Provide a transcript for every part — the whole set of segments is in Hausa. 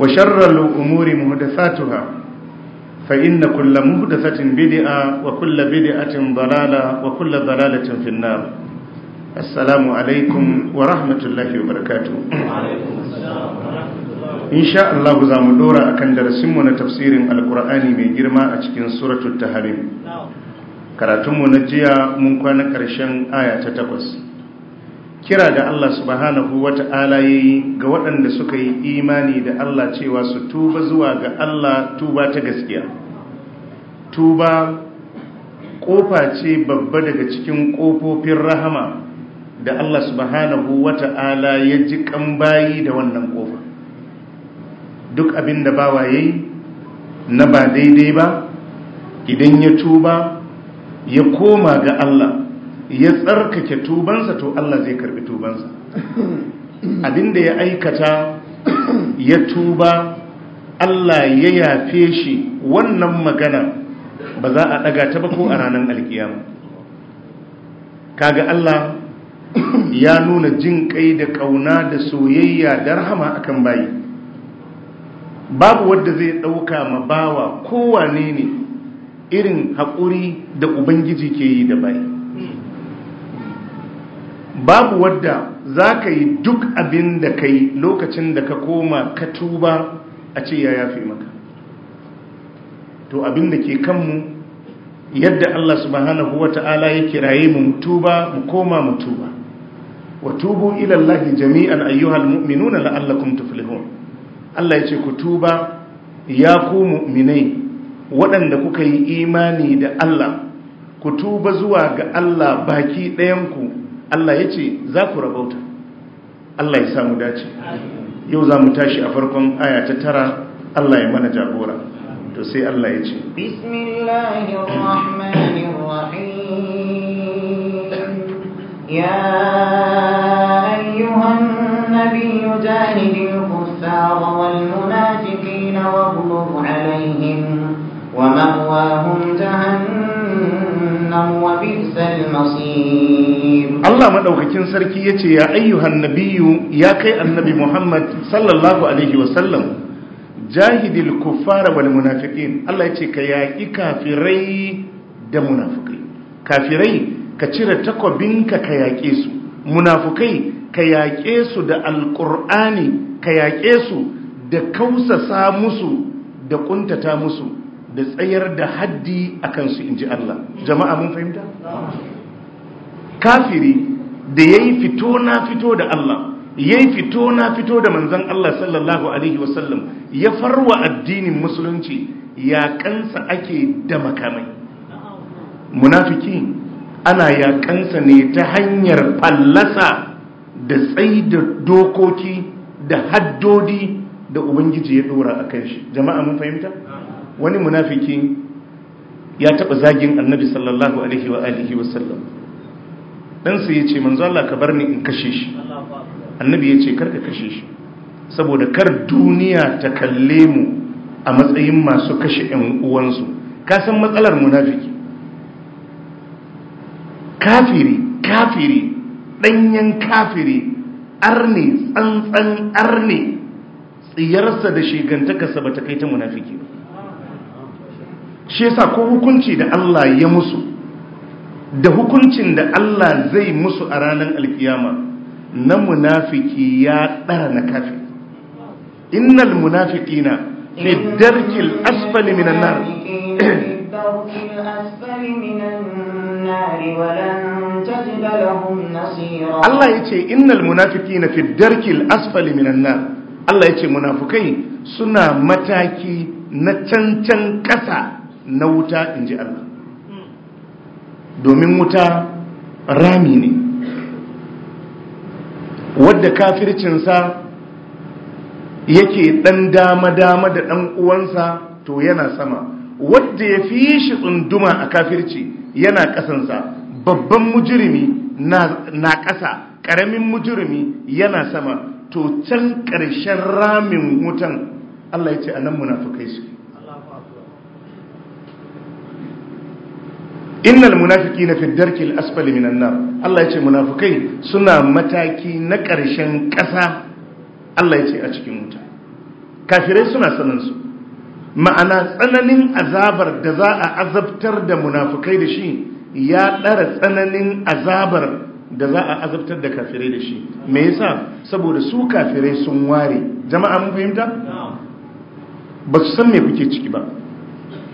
وشر الأمور مهدثاتها فإن كل مهدثة بدعة وكل بدعة ضلالة وكل ضلالة في النار السلام عليكم ورحمة الله وبركاته إن شاء الله زام دورا أكن درسمنا تفسير القرآن من جرما أشكين سورة التحريم karatunmu na jiya mun kwana ƙarshen aya ta takwas kira da Allah subhanahu wata'ala yayi ga waɗanda suka yi imani da Allah cewa su tuba zuwa ga Allah tuba ta gaskiya tuba ƙofa ce babba daga cikin ƙofofin rahama da Allah subhanahu wata'ala ya ji bayi da wannan kofa duk abin da bawa yi, na ba daidai ba idan ya tuba ya koma ga Allah ya tsarkake tubansa to Allah zai karbi tubansa abinda ya aikata ya tuba Allah ya yafe shi wannan magana ba za a ɗaga ta ba ko a ranar alkiyama kaga Allah ya nuna jin kai da kauna da soyayya da rahama akan bayi babu wanda zai ɗauka ma bawa kowane ne irin haƙuri da ubangiji ke yi da bayi babu wadda za ka yi duk abin da ka yi lokacin da ka koma ka tuba a ce ya yafe maka to abin da ke kanmu yadda Allah subhanahu wa ta'ala ya kiraye mu tuba mu koma mu tuba wa tubu ila Allah jami'an ayyuhal mu'minuna la'allakum tuflihun Allah ya ce ku tuba ya ku mu'minai waɗanda kuka yi imani da Allah ku tuba zuwa ga Allah baki ɗayanku Allah ya ce za ku rabauta Allah ya samu dace yau za mu tashi a farkon aya ta tara Allah ya mana jagora to sai Allah ya ce يا أيها النبي جاهد الكفار ومأواهم جهنم وبئس المصير Allah madaukakin sarki yace ya ayyuhan nabiyyu ya kai annabi Muhammad sallallahu alaihi wasallam jahidil kuffara wal munafiqin Allah yace ka yaƙi kafirai da munafukai. kafirai ka cire takwabinka ka yaƙe su munafukai ka yaƙe su da alƙur'ani ka yaƙe su da kausasa musu da ƙuntata musu da tsayar da haddi akan su inji Allah jama'a mun fahimta? kafiri da ya yi fito na fito da Allah ya yi fito na fito da manzan Allah sallallahu Alaihi wasallam ya farwa addinin musulunci yaƙansa ake da makamai munafiki ana yaƙansa ne ta hanyar fallasa da tsayi da dokoki da haddodi da ubangiji ya dora a kan shi jama'a mun fahimta wani munafiki ya taɓa zagin annabi sallallahu alaihi wa alihi wasallam ɗansu ya ce manzo Allah ka bar ni in kashe shi annabi ya ce ka kashe shi saboda kar duniya ta kalle mu a matsayin masu kashe 'yan uwansu ka san matsalar munafiki kafiri kafiri ɗanyen kafiri arne tsantsan arne tsiyarsa da shigantakarsa ba ta kai ta munafiki ba shi yasa ko hukunci da Allah ya musu da hukuncin da Allah zai musu a ranar alkiyama na munafiki ya ɗara na kafi innal na fi darkil asfali minan nar Allah ya ce innal na fi darkil asfali minan nar Allah ya ce munafukai suna mataki na cancan ƙasa na wuta in ji Allah domin wuta rami ne wadda kafircinsa yake ɗan dama-dama da ɗan uwansa to yana sama wadda ya fi shi tsunduma a kafirci yana ƙasansa babban mujirimi na ƙasa ƙaramin mujirimi yana sama to can ƙarshen ramin wutan Allah ya ce a nan munafukai su innal munafiqina fi al asfali minan nar Allah yace munafikai suna mataki na ƙarshen ƙasa Allah yace a cikin wuta kafirai suna sanin su ma'ana tsananin azabar da za a azabtar da munafikai da shi ya ɗara tsananin azabar da za a azabtar da kafirai da shi me yasa saboda su kafirai sun ware jama'a mun fahimta ba su san me kuke ciki ba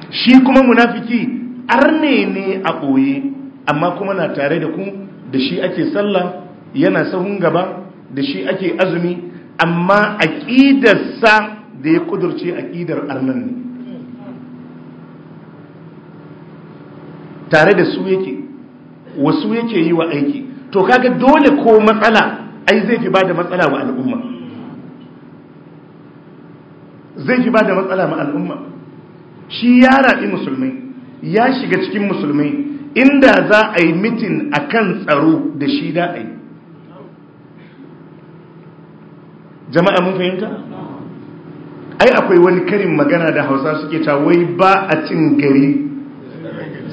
shi kuma munafiki arne ne a ɓoye amma kuma na tare da ku da shi ake sallah yana sahun gaba da shi ake azumi amma aƙidarsa da ya ƙudurce aƙidar arnan ne tare da su yake wasu yake yi wa aiki to kaga dole ko matsala ai zai fi bada matsala wa al'umma zai fi bada matsala ma al'umma shi ya raɗi musulmai ya shiga cikin musulmai inda za a yi mitin a kan tsaro da shi da a yi jama'a mun fahimta? ai akwai wani karin magana da hausa suke ta wai ba a cin gari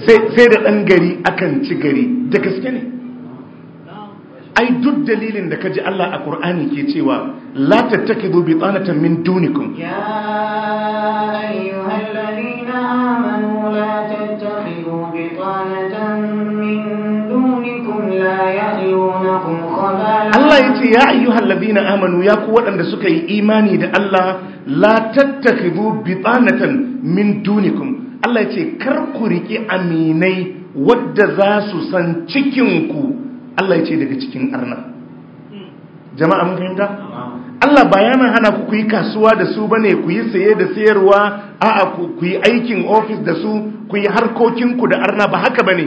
sai da ɗan gari akan ci gari da gaske ne ai duk dalilin da kaji Allah a Kur'ani ke cewa la take bi tsanatan min dunikun." ya amanu la Allah ya ce, Ya ayyuhu halladin amanu ya ku waɗanda suka yi imani da Allah, la tattakibu bibanatan min dunikum. Allah ya ce, Kar ku riƙe aminai wadda za su san cikinku, Allah ya ce daga cikin arna. Jama’a mun fahimta? Allah ba yana hana ku kuyi kasuwa da su bane ku yi saye da sayarwa a'a ku yi aikin ofis da su ku yi harkokinku da arna ba haka bane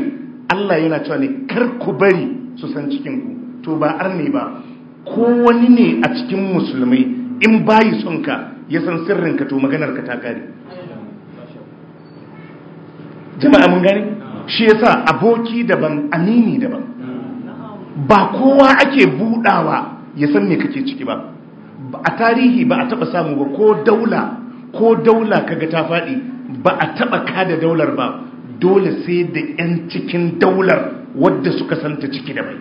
Allah yana cewa ne kar ku bari su san cikin to ba arne ba ko wani ne a cikin musulmai in bayi son ka ya san sirrin ka to maganar ka ta kare jama'a mun gani shi yasa aboki daban amini daban ba kowa ake budawa ya san me kake ciki ba a tarihi ba a taba samu ba ko daula ko daula kaga ta faɗi ba a taba kada daular ba dole sai da 'yan cikin daular wadda suka santa ciki da bai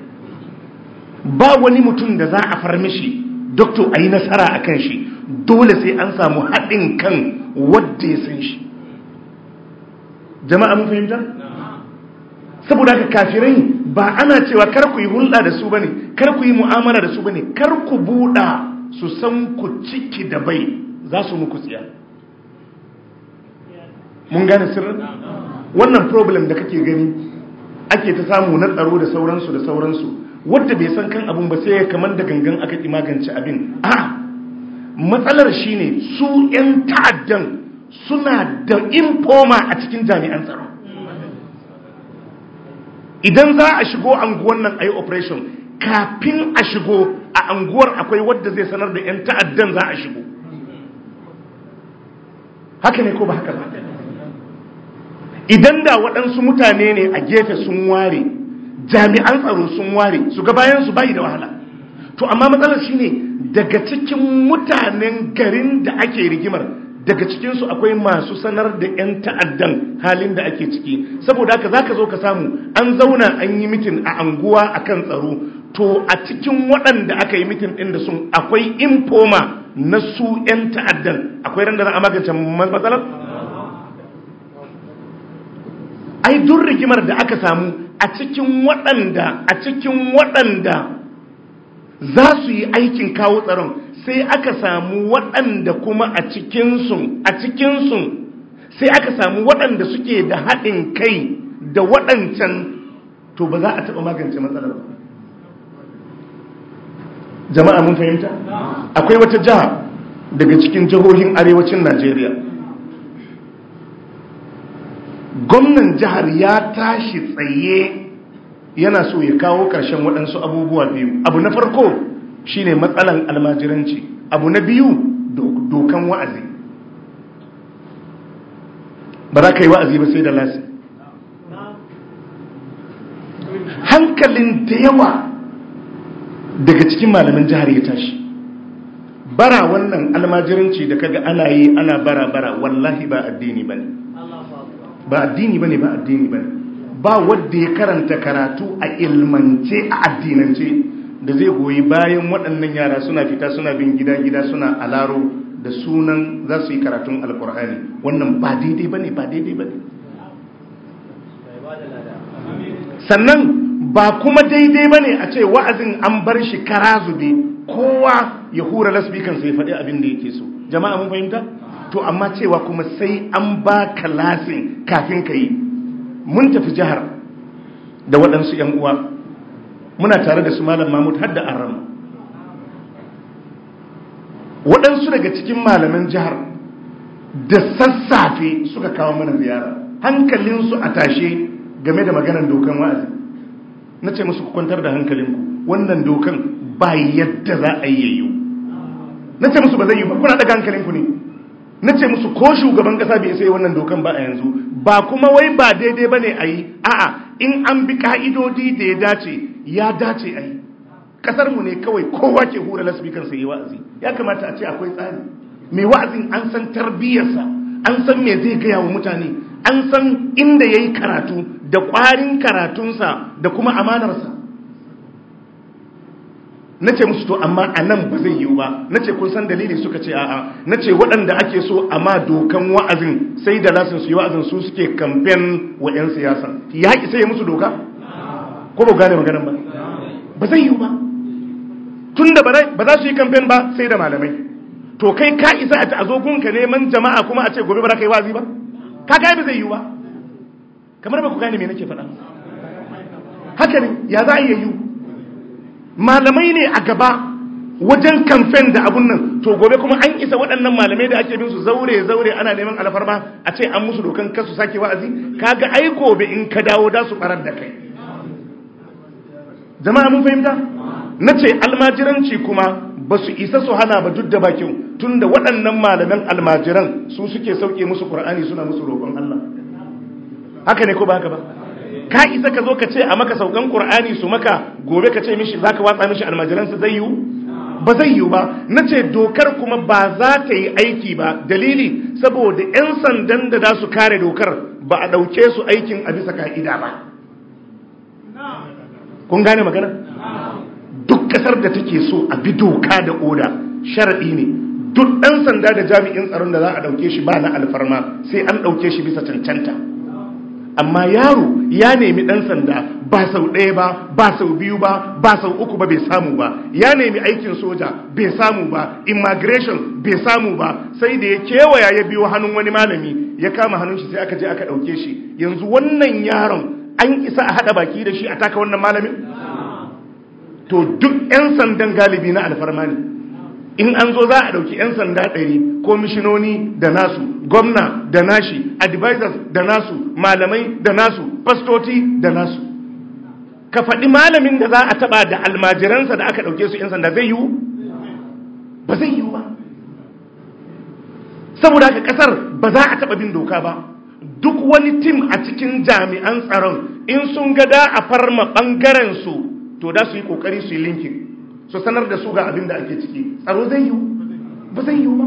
ba wani mutum da za a far mishi doktor a yi nasara a kan shi dole sai an samu haɗin kan wadda ya san shi jama'a mun fahimta? saboda ka kafirai ba ana cewa kar ku yi hulɗa da su bane kar ku yi mu'amala da su bane kar ku buɗa su san ku ciki da bai za su muku tsiya mun gane sirrin wannan problem da kake gani ake ta samu na tsaro da sauransu da sauransu wadda bai san kan abin ba sai ya kamar da gangan aka ki magance abin a matsalar shine su 'yan ta'addan suna da infoma a cikin jami'an tsaro idan za a shigo anguwan nan a yi operation kafin a shigo a anguwar akwai wadda zai sanar da 'yan ta'addan za a shigo haka ne ko ba haka ba idan da waɗansu mutane ne a gefe sun ware jami'an tsaro sun ware su ga bayan su bayi da wahala to amma matsalar shi ne daga cikin mutanen garin da ake rigimar daga cikinsu akwai masu sanar da 'yan ta'addan halin da ake ciki saboda haka ka zo ka samu an zauna an yi mitin a anguwa a kan tsaro to a cikin waɗanda aka yi mitin ɗin da sun akwai infoma na su 'yan ta'addan akwai ran a magance matsalar? ai duk rigimar da aka samu a cikin waɗanda a cikin waɗanda za su yi aikin kawo tsaron sai aka samu waɗanda kuma a cikinsu a cikinsu sai aka samu waɗanda suke da haɗin kai da waɗancan to ba za a taɓa magance matsalar ba jama'a mun fahimta akwai wata jiha daga cikin jihohin arewacin najeriya gwamnan jihar ya tashi tsaye yana so ya kawo ƙarshen waɗansu abubuwa biyu abu na farko shine matsalan almajiranci abu na biyu dokan wa'azi ba za ka yi wa'azi ba sai da lasi hankalin da yawa daga cikin malamin jihar ya tashi bara wannan almajiranci da kaga ana yi ana bara bara wallahi ba addini bane ba addini bane ba addini bane ba wanda ya karanta karatu a ilmance a addinance da zai goyi bayan waɗannan yara suna fita suna bin gida gida suna alaro da sunan za su yi karatun alkur'ani wannan ba daidai bane ba daidai bane sannan ba kuma daidai ba ne a ce wa'azin an bar shi kara zube kowa ya hura lasbikan sai faɗi abin da yake so jama'a mun fahimta to amma cewa kuma sai an ba ka lasin kafin ka yi mun tafi jihar da waɗansu ‘yan uwa muna tare da su malam mahmud hadda rama waɗansu daga cikin malaman jihar da sassafe suka kawo mana ziyara hankalinsu a tashe game da maganar dokan wa'azi na ce musu kwantar da hankalinku wannan dokan ba yadda za a yi yayyo na ce musu ba zai yi ba kuna daga hankalinku ne na ce musu ko shugaban kasa bai sai wannan dokan ba a yanzu ba kuma wai ba daidai ba ne a yi a'a in an bi ka'idodi da ya dace ya dace a yi ƙasarmu ne kawai kowa ke hura lasbikan sai wa'azi ya kamata a ce akwai tsari mai wa'azin an san tarbiyyarsa an san me zai gaya wa mutane an san inda ya yi karatu da ƙwarin karatunsa da kuma amanarsa na ce musu to amma a nan ba zai yiwu ba na ce kun san dalili suka ce a'a na ce waɗanda ake so amma dokan wa'azin sai da lasin su yi wa'azin su suke kamfen wa 'yan siyasa ya haƙi sai ya musu doka ko ba gane maganin ba ba zai yiwu ba tun da ba za su yi kamfen ba sai da malamai to kai ka isa a ta gunka neman jama'a kuma a ce gobe ba za ka yi wazi ba ka ga ba zai yiwu ba kamar ba ku gane me nake faɗa haka ya za a yi malamai ne a gaba wajen kamfen da abun nan to gobe kuma an isa waɗannan malamai da ake bin su zaure zaure ana neman alfarma a ce an musu dokan kasu sake wa'azi ka ga ai gobe in ka dawo da su barar da kai jama'a mun fahimta na ce almajiranci kuma ba su isa su hana ba duk da bakin tunda waɗannan malaman almajiran su suke sauke musu ƙur'ani suna musu roƙon Allah haka ne ko ba haka ba ka isa ka zo ka ce a maka saukan qur'ani su maka gobe ka ce mishi zaka watsa mishi almajiran su zai yiwu ba zai yiwu ba na ce dokar kuma ba za ta yi aiki ba dalili saboda 'yan sandan da za su kare dokar ba a ɗauke su aikin a bisa ka'ida ba kun gane magana duk ƙasar da take so a bi doka da oda sharaɗi ne duk ɗan sanda da jami'in tsaron da za a ɗauke shi ba na alfarma sai an ɗauke shi bisa cancanta amma yaro ya nemi ɗan sanda ba sau ɗaya ba ba sau biyu ba ba sau uku ba bai samu ba ya nemi aikin soja bai samu ba immigration bai samu ba sai da ya kewaya ya biyo hannun wani malami ya kama hannun shi sai aka je aka ɗauke shi yanzu wannan yaron an isa a haɗa baki da shi a taka wannan malamin to duk 'yan sandan galibi na alfarma in an zo za a ɗauki 'yan sanda ɗari komishinoni da nasu gwamna da nashi advisors da nasu malamai da nasu fastoti da nasu ka faɗi malamin da za a taɓa da almajiransa da aka ɗauke su 'yan sanda zai yiwu ba zai yiwu ba saboda haka ƙasar ba za a taɓa bin doka ba duk wani tim a cikin jami'an tsaron in sun gada a farma ɓangarensu to da su yi ƙoƙari su yi linkin su sanar da su ga abin da ake ciki tsaro zai yiwu ba zai yiwu ba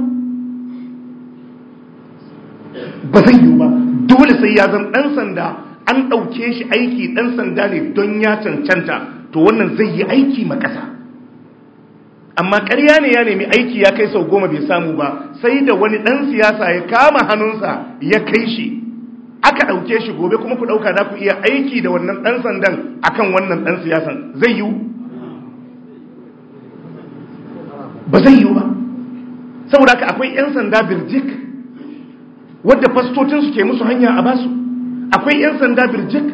ba zai yiwu ba dole sai ya zan ɗan sanda an ɗauke shi aiki ɗan sanda ne don ya cancanta to wannan zai yi aiki makasa amma ƙarya ne ya nemi aiki ya kai sau goma bai samu ba sai da wani ɗan siyasa ya kama hannunsa ya kai shi aka ɗauke shi gobe kuma ku ɗauka za ku iya aiki da wannan ɗan sandan akan wannan ɗan siyasan zai yiwu ba zai yi ba saboda haka akwai 'yan sanda birjik wadda fastocin su ke musu hanya a basu akwai 'yan sanda birjik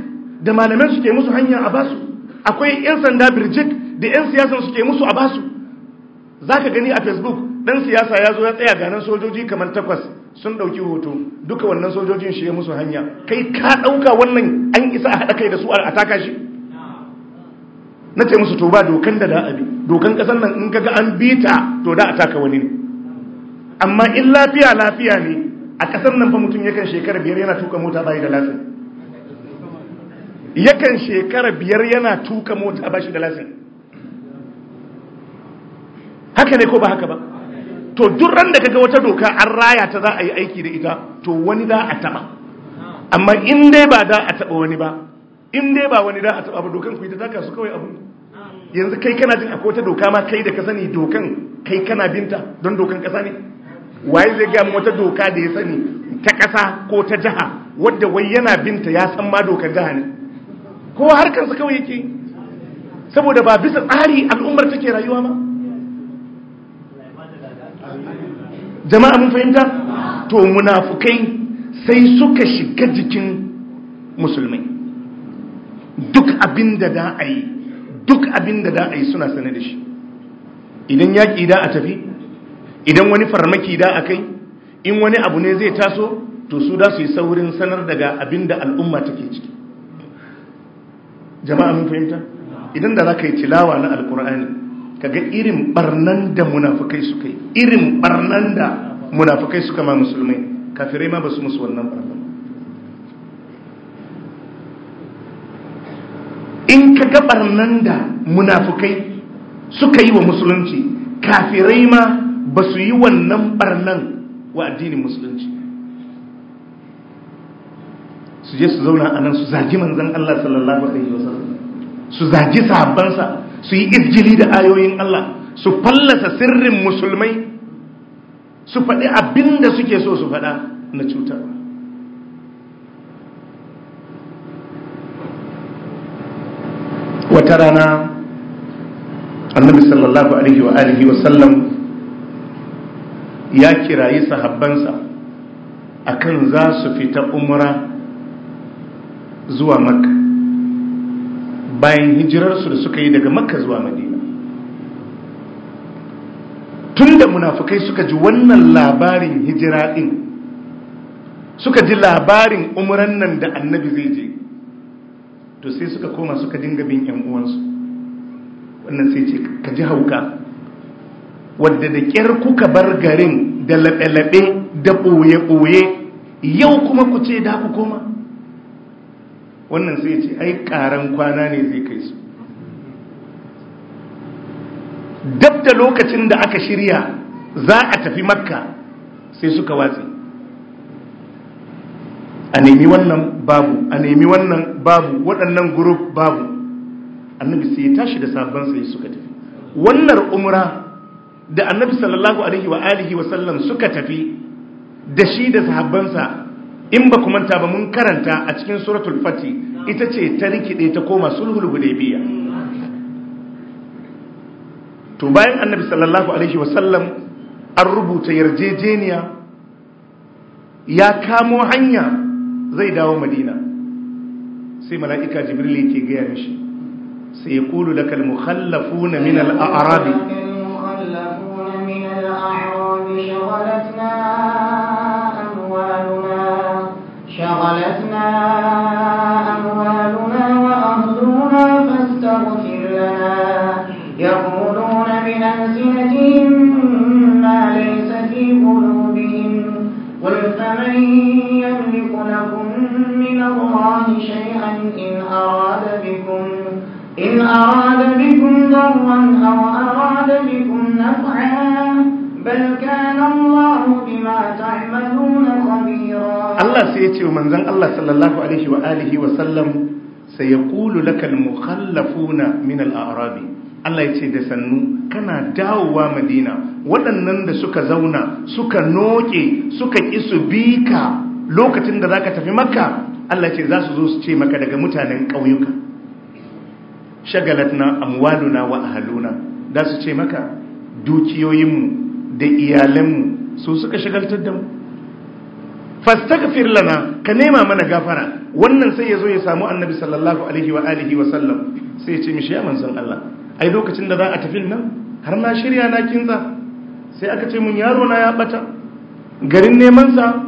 da malaman su ke musu hanya a basu akwai 'yan sanda birjik da 'yan siyasan su ke musu a basu za ka gani a facebook ɗan siyasa ya zo ya tsaya ganin sojoji kamar takwas sun ɗauki hoto duka wannan sojojin shi ya musu hanya kai ka ɗauka wannan an isa a haɗa kai da su a taka shi na ce musu to ba dokan da da dokan kasan nan in kaga an bita to da a taka wani ne amma in lafiya lafiya ne a kasan nan fa mutum yakan shekara biyar yana tuka mota bai da lasin. yakan shekara biyar yana tuka mota bashi shi da lasin. haka ne ko ba haka ba to duk ran da kaga wata doka an raya ta za a yi aiki da ita to wani da a taba amma in dai ba da a taba wani ba in dai ba wani da a taba ba dokan ku yi ta kawai abu yanzu kai kana jin akwai wata doka ma kai da ka sani dokan kai kana binta don dokan ƙasa ne waye zai gaya wata doka da ya sani ta kasa ko ta jiha wadda wai yana binta ya san ma dokar jiha ne Ko harkar su kawai yake saboda ba bisa tsari al'ummar take rayuwa ma jama'a mun fahimta to munafukai sai suka shiga jikin musulmai duk abin da da a yi duk abin da da a yi suna sanar da shi idan yaƙi da a tafi idan wani farmaki da a kai in wani abu ne zai taso to su da su yi saurin sanar daga abin da al'umma take ciki jama'a mun fahimta idan da za ka yi tilawa na alkur'ani ga irin barnan da munafukai suka yi irin barnan da munafukai suka ma musulmai kafirai ma ba su musu wannan barnan in ka gabar nan da munafukai suka yi wa musulunci kafirai ma ba su yi wannan barnan wa addinin musulunci su je su zauna a nan su zagi manzan Allah sallallahu alaihi wasallam su zagi sahabbansa su yi izgili da ayoyin Allah su fallasa sirrin musulmai su faɗi abin da suke so su faɗa na cutarwa wata rana annabi sallallahu alaihi wa alihi wa sallam ya kirayi sahabbansa akan za su fita umra zuwa makka bayan hijirarsu da suka yi daga makka zuwa madina tunda munafukai suka ji wannan labarin hijira din suka ji labarin umran nan da annabi zai je to sai suka koma suka dinga bin yan uwansu wannan sai ce ka ji hauka wadda da kyar kuka bar garin da laɓe-laɓe da ɓoye-ɓoye yau kuma ku ce da ku koma wannan sai ce ai ƙaran kwana ne zai kai su dab da lokacin da aka shirya za a tafi makka sai suka watsi a nemi wannan babu a nemi wannan babu waɗannan guruf babu annabi sai ya tashi da sabon sai suka tafi wannan umra da annabi sallallahu alaihi wa alihi wa sallam suka tafi da shi da sahabbansa in ba kuma ta ba mun karanta a cikin suratul fati ita ce ta rikide ta koma sulhul hudaybiya to bayan annabi sallallahu alaihi wa sallam an rubuta yarjejeniya ya kamo hanya zai dawo madina sai mala'ika jibril yake gaya mishi sai ya kulu da kalmu hallafu na min al'arabi شغلتنا أراد بكم ضرا أو أراد بكم نفعا بل كان الله بما تعملون خبيرا الله سيأتي ومن ذن الله صلى الله عليه وآله وسلم سيقول لك المخلفون من الأعراب Allah ya ce da sannu kana dawowa Madina waɗannan da suka zauna suka noke suka ƙi su bi ka lokacin da za ka tafi makka Allah ya ce za su zo su ce maka daga mutanen ƙauyuka shagalatna amwaluna wa ahaluna da su ce maka dukiyoyinmu da iyalanmu su suka shagaltar da mu fastaghfir lana ka nema mana gafara wannan sai ya ya samu annabi sallallahu alaihi wa alihi wa sallam sai ya ce mishi ya manzon Allah ai lokacin da za a tafi nan har na shirya na kinza sai aka ce mun yaro na ya bata garin neman sa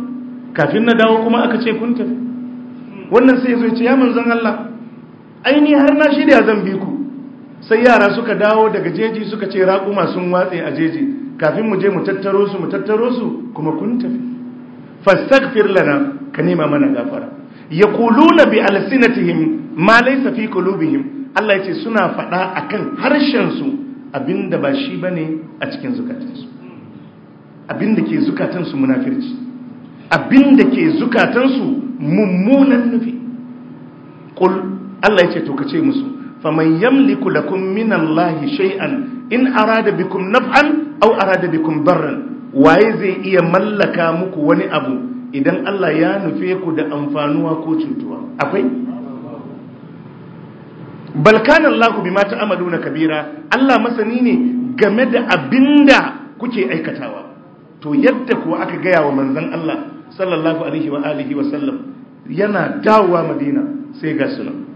kafin na dawo kuma aka ce kun tafi wannan sai ya ya ce ya manzon Allah aini har na shirya zan bi ku sai yara suka dawo daga jeji suka ce raƙuma sun watse a jeji kafin mu je mu tattaro su mu tattaro su kuma kun tafi fastaghfir lana ka nema mana gafara yaquluna bi alsinatihim ma laysa fi qulubihim Allah yace suna faɗa akan harshen su abinda ba shi bane a cikin zukatansu abinda ke zukatansu munafirci abinda ke zukatansu mummunan nufi qul Allah ya ce to ka ce musu faman yamliku lakum minallahi shay'an in arada bikum naf'an aw arada bikum darran waye zai iya mallaka muku wani abu idan Allah ya nufe ku da amfanuwa ko cutuwa akwai bal kana Allahu bima ta'maluna kabira Allah masani ne game da abinda kuke aikatawa to yadda kuwa aka gaya wa manzon Allah sallallahu alaihi wa alihi wa sallam yana dawowa Madina sai ga sunan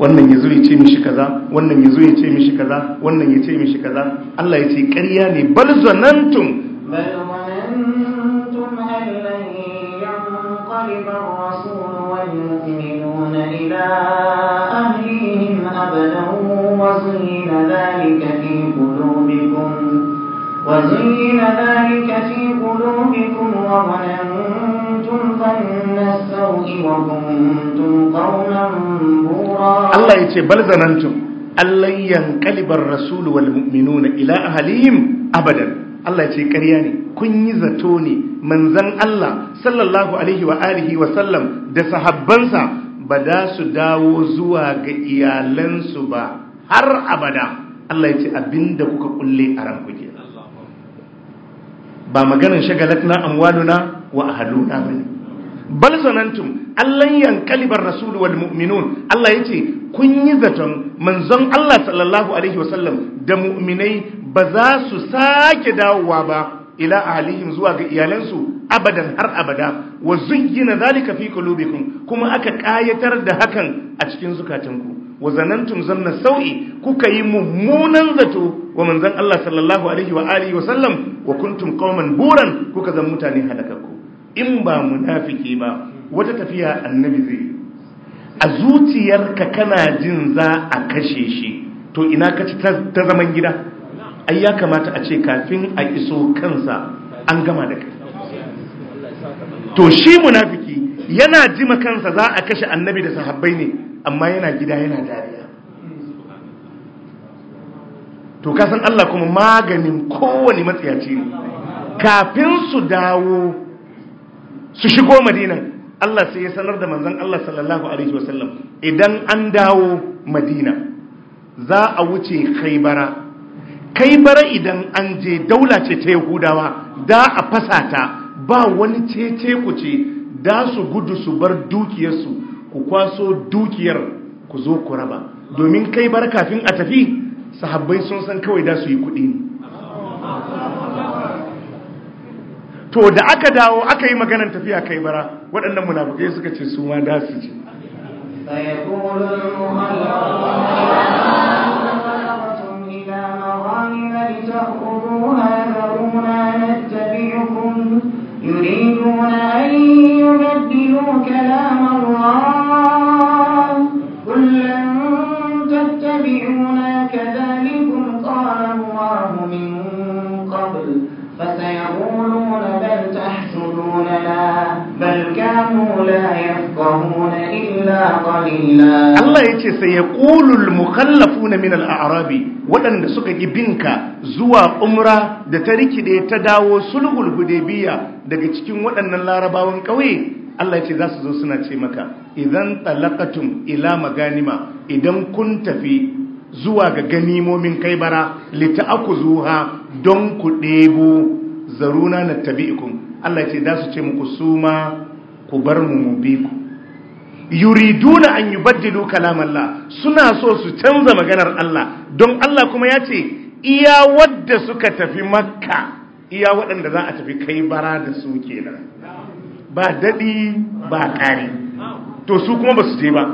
wannan yazo ya ce mishi kaza wannan yazo ya ce mishi kaza wannan ya ce mishi kaza Allah ya ce ƙarya ne bal zanantum bal zanantum allan yanqaliba ar-rasul wal mu'minuna ila ahlihim abadan wa zina dhalika وزين ذلك في قلوبكم وظننتم ظن السوء وكنتم قوما بورا الله يتي بل ظننتم الله ينقلب الرسول والمؤمنون إلى أهلهم أبدا Allah ce ƙarya ne kun yi zato ne manzan Allah sallallahu alaihi wa alihi wa sallam da sahabbansa ba da su dawo zuwa ga iyalansu ba har abada Allah ya ce abinda kuka kulle a ranku ba maganin maganan shagalatna amwaluna wa ahaluna bane bal zanantum allan yankalibar rasul wal mu'minun Allah yace kun yi zaton manzon Allah sallallahu alaihi wasallam da mu'minai ba za su sake dawowa ba ila ahlihim zuwa ga iyalansu abadan har abada wa zuyyina zalika fi qulubikum kuma aka kayatar da hakan a cikin zukatanku wa zanantum zanna sau'i kuka yi mummunan zato wa manzon Allah sallallahu alaihi wa alihi wa sallam wa kuntum qauman buran kuka zan mutane halakarku in ba munafiki ba wata tafiya annabi zai a zuciyarka kana jin za a kashe shi to ina ka ci ta zaman gida ai ya kamata a ce kafin a iso kansa an gama da kai to shi munafiki yana jima kansa za a kashe annabi da sahabbai ne amma yana gida yana dariya to kasan Allah kuma maganin kowane matsayaci ne kafin su dawo su shigo madina Allah sai ya sanar da manzan Allah sallallahu Alaihi wasallam idan an dawo madina za a wuce kaibara kaibara idan an je daula ce ta yahudawa da a fasa ta ba wani ce-ce ku ce da su gudu su bar dukiyarsu ku kwaso dukiyar ku zo ku raba domin kai bar kafin a tafi sahabbai sun san kawai da su yi kuɗi ne to da aka dawo aka yi maganar tafiya kai bara waɗannan munafukai suka ce su ma da su ce ya ƙulul mukallafu na minal arabi waɗanda suka ƙi binka zuwa umra da ta rikide ta dawo sulhul hudebiya daga cikin waɗannan larabawan ƙauye Allah ya ce za su zo suna ce maka idan talaqatum ila maganima idan kun tafi zuwa ga ganimomin kai bara lita'akuzuha don ku ɗebo zaruna na tabi'ikum Allah ce za su ce muku suma ku bar mu mu bi yuriduna an yubaddilu kalamallah suna so su canza maganar Allah don Allah kuma ya ce iya wadda suka tafi makka iya waɗanda za a tafi kai bara da su kenan ba daɗi ba ƙari to su kuma ba su je ba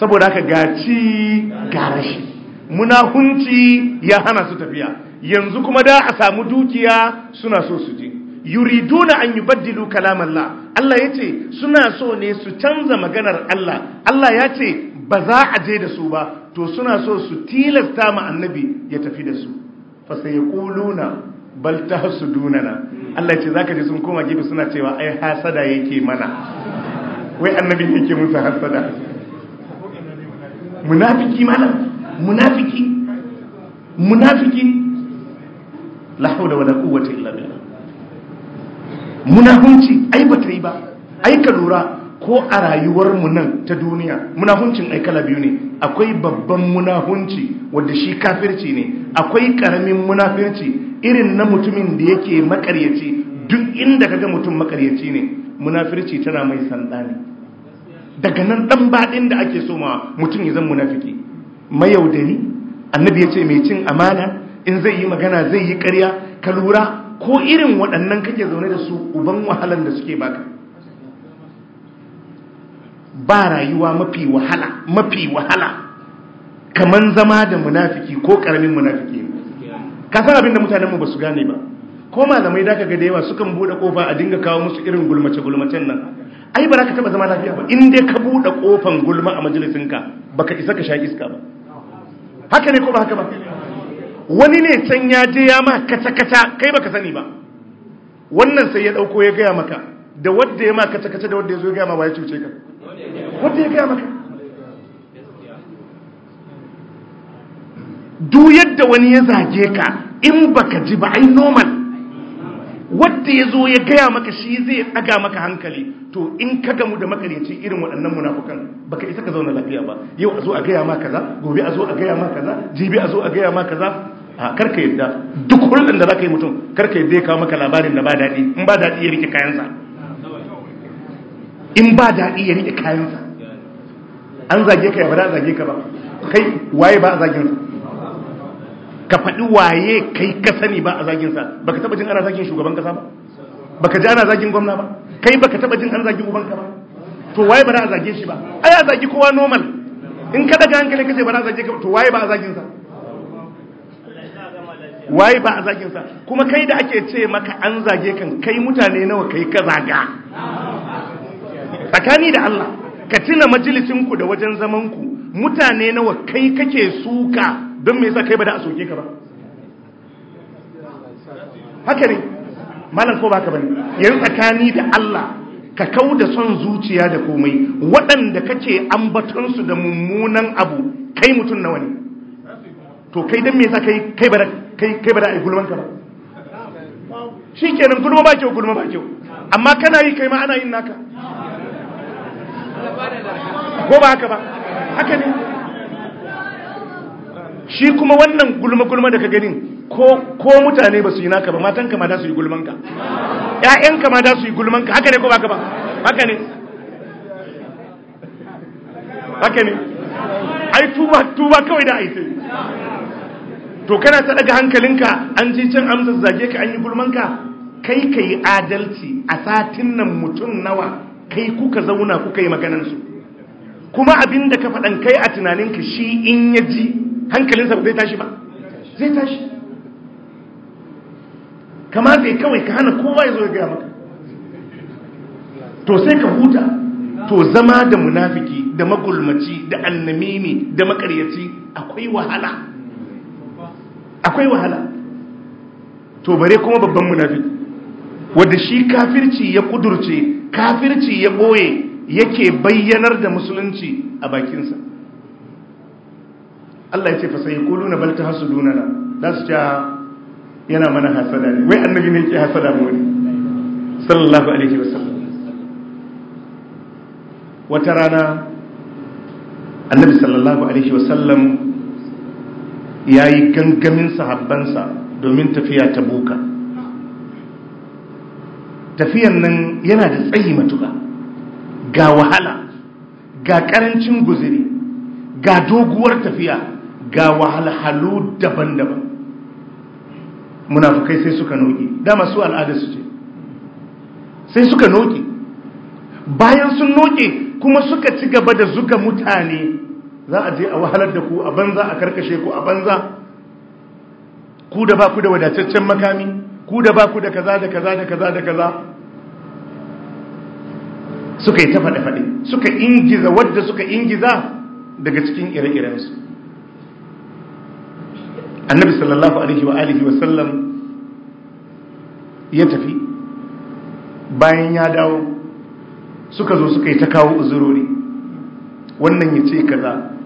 saboda haka gaci garashi hunci ya hana su tafiya yanzu kuma da a samu dukiya suna so su je yuriduna an yubaddilu kalam Allah Allah yace suna so ne su canza maganar Allah Allah yace ba za a je da su ba to suna so su tilasta ma annabi ya tafi da su fa sayquluna bal tahsudunana Allah yace zaka ji sun koma gibi suna cewa ai hasada yake mana wai annabi yake musu hasada munafiki malam munafiki munafiki la hawla wala quwwata illa billah munafunci ai ba ta yi ba ai ka lura ko a rayuwar mu nan ta duniya munafuncin ai kala biyu ne akwai babban munafunci wanda shi kafirci ne akwai karamin munafirci irin na mutumin da yake makaryaci duk inda kaga mutum makaryaci ne munafirci tana mai sandani daga nan dan badin da ake so ma mutum ya zan munafiki mayaudari annabi ya ce mai cin amana in zai yi magana zai yi ƙarya ka lura ko irin waɗannan kake zaune da su uban wahalan da suke baka ba rayuwa mafi wahala mafi wahala kaman zama da munafiki ko karamin munafiki ka san abin da mutanenmu ba su gane ba ko malamai da ga da yawa sukan buɗe kofa a dinga kawo musu irin gulmace gulmacen nan ai ba za ka taba zama lafiya ba in dai ka buɗe kofan gulma a majalisinka baka isa ka sha iska ba haka ne ko ba haka ba wani ne can ya je ya ma kata-kata kai baka sani ba wannan sai ya dauko ya gaya maka da wadda ya ma kata-kata da wadda ya zo ya gaya ma ba ya cuce ka wadda ya gaya maka duk yadda wani ya zage ka in baka ji ba ai normal wadda ya zo ya gaya maka shi zai ɗaga maka hankali to in ka gamu da makaryaci irin waɗannan munafukan baka isa ka zauna lafiya ba yau a zo a gaya ma kaza gobe a zo a gaya ma kaza jibi a zo a gaya ma kaza a karka yadda duk hulɗin da za ka yi mutum karka yadda ya kawo maka labarin da ba daɗi in ba daɗi ya rike kayansa in ba daɗi ya rike kayansa an zage ka ya ba da zage ka ba kai waye ba a zaginsa ka faɗi waye kai ka sani ba a zaginsa ba ka taɓa jin ana zagin shugaban ƙasa ba ba ka ji ana zagin gwamna ba kai ba ka taɓa jin ana zagin ka ba to waye ba da a zage shi ba ai a zagi kowa normal in ka daga hankali kace ba da a zage ka to waye ba a zaginsa waye ba a zagin sa kuma kai da ake ce maka an zage kan kai mutane nawa kai ka zaga tsakani da Allah ka tuna majalisin da wajen zaman ku mutane nawa kai kake suka don me yasa kai ba da a soke ka ba haka ne malam ko baka bane yayin tsakani da Allah ka kau da son zuciya da komai waɗanda kake ambaton su da mummunan abu kai mutun nawa ne to kai dan me yasa kai kai ba kai kai ba da gulman ka ba shikenan gulma ba kyau gulma ba kyau amma kana yi kai ma ana yin naka ko ba haka ba haka ne shi kuma wannan gulma gulma da ka gani ko ko mutane ba su yi naka ba matan ka ma da su yi gulman ka ƴaƴan ka ma da su yi gulman ka haka ne ko ba haka ba haka ne haka ne ai tuba tuba kawai da aise to kana ta daga hankalinka an je can amsa zage ka an yi gulmanka kai ka yi adalci a satin nan mutum nawa kai kuka zauna kuka yi maganansu kuma abin da ka faɗan kai a tunaninka shi in ya ji hankalinsa ba zai tashi ba zai tashi kama zai kawai ka hana kowa ya zo ya gaya maka to sai ka huta to zama da munafiki da magulmaci da annamimi da makaryaci akwai wahala akwai wahala to bare kuma babban munafiki wanda shi kafirci ya kudurce kafirci ya boye yake bayyanar da musulunci a bakinsa Allah ya ce fasai kuluna bal tahsuduna la za su ta yana mana hasada ne wai annabi ne ke hasada mu ne sallallahu alaihi wasallam wata rana annabi sallallahu alaihi wasallam ya yi gangamin sahabbansa domin tafiya ta buka tafiyan nan yana da tsayi matuka ga wahala ga karancin guziri ga doguwar tafiya ga wahalhalu daban-daban munafukai sai suka noki dama su al'ada su ce sai suka noki bayan sun noki kuma suka ci gaba da zuga mutane za a je a wahalar da ku a banza a karkashe ku a banza ku da ba ku da wadataccen makami ku da ba ku da kaza da kaza da kaza da kaza suka yi ta faɗe-faɗe suka ingiza wadda suka ingiza daga cikin ire-irensu annabi sallallahu alaihi wa alihi wa sallam ya tafi bayan ya dawo suka zo suka yi ta kawo uzurori wannan ya ce kaza